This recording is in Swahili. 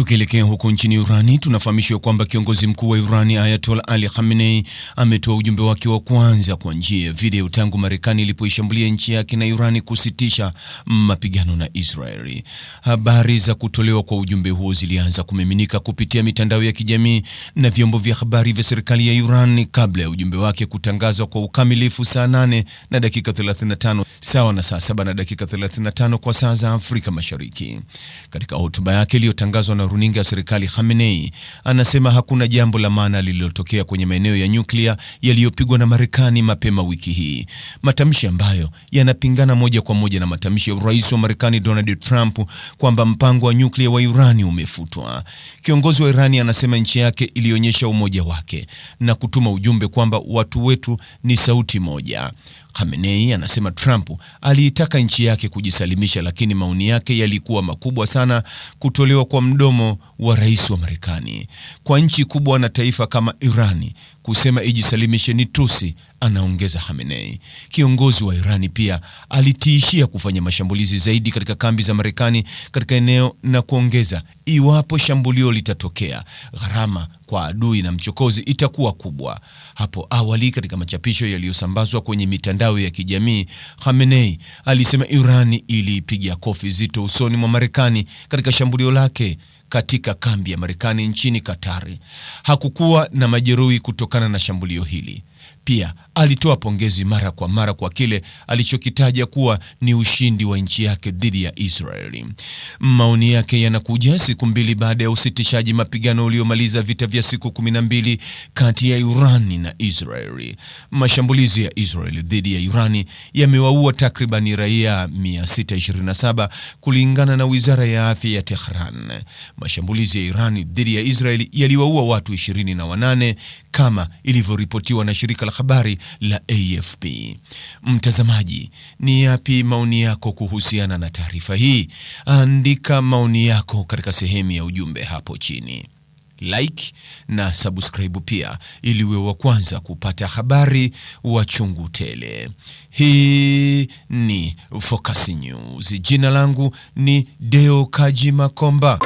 Tukielekea huko nchini Irani, tunafahamishwa kwamba kiongozi mkuu wa Irani Ayatollah Ali Khamenei ametoa ujumbe wake wa kwanza kwa njia ya video tangu Marekani ilipoishambulia nchi yake na Irani kusitisha mapigano na Israeli. Habari za kutolewa kwa ujumbe huo zilianza kumiminika kupitia mitandao ya kijamii na vyombo vya habari vya serikali ya Iran kabla ya ujumbe wake kutangazwa kwa ukamilifu saa 8 na dakika 35 sawa na saa 7 na dakika 35 kwa saa za Afrika Mashariki. Katika hotuba yake iliyotangazwa na runinga ya serikali Khamenei anasema hakuna jambo la maana lililotokea kwenye maeneo ya nyuklia yaliyopigwa na Marekani mapema wiki hii, matamshi ambayo yanapingana moja kwa moja na matamshi ya Rais wa Marekani Donald Trump kwamba mpango wa nyuklia wa Irani umefutwa. Kiongozi wa Irani anasema nchi yake ilionyesha umoja wake na kutuma ujumbe kwamba watu wetu ni sauti moja. Khamenei anasema Trump aliitaka nchi yake kujisalimisha, lakini maoni yake yalikuwa makubwa sana kutolewa kwa mdomo mtazamo wa rais wa Marekani. Kwa nchi kubwa na taifa kama Irani kusema ijisalimishe ni tusi, anaongeza Khamenei. Kiongozi wa Irani pia alitiishia kufanya mashambulizi zaidi katika kambi za Marekani katika eneo na kuongeza Iwapo shambulio litatokea, gharama kwa adui na mchokozi itakuwa kubwa. Hapo awali, katika machapisho yaliyosambazwa kwenye mitandao ya kijamii, Khamenei alisema Irani iliipiga kofi zito usoni mwa Marekani katika shambulio lake katika kambi ya Marekani nchini Katari. Hakukuwa na majeruhi kutokana na shambulio hili. Pia alitoa pongezi mara kwa mara kwa kile alichokitaja kuwa ni ushindi wa nchi yake dhidi ya Israeli. Maoni yake yanakuja siku mbili baada ya usitishaji mapigano uliomaliza vita vya siku kumi na mbili kati ya Irani na Israeli. Mashambulizi ya Israeli dhidi ya Irani yamewaua takribani raia 627 kulingana na Wizara ya Afya ya Tehran. Mashambulizi ya Irani dhidi ya Israeli yaliwaua watu 28 kama ilivyoripotiwa na shirika shirika la habari la AFP. Mtazamaji, ni yapi maoni yako kuhusiana na taarifa hii? Andika maoni yako katika sehemu ya ujumbe hapo chini. Like na subscribe pia ili uwe wa kwanza kupata habari wa chungu tele. Hii ni Focus News. Jina langu ni Deo Kaji Makomba.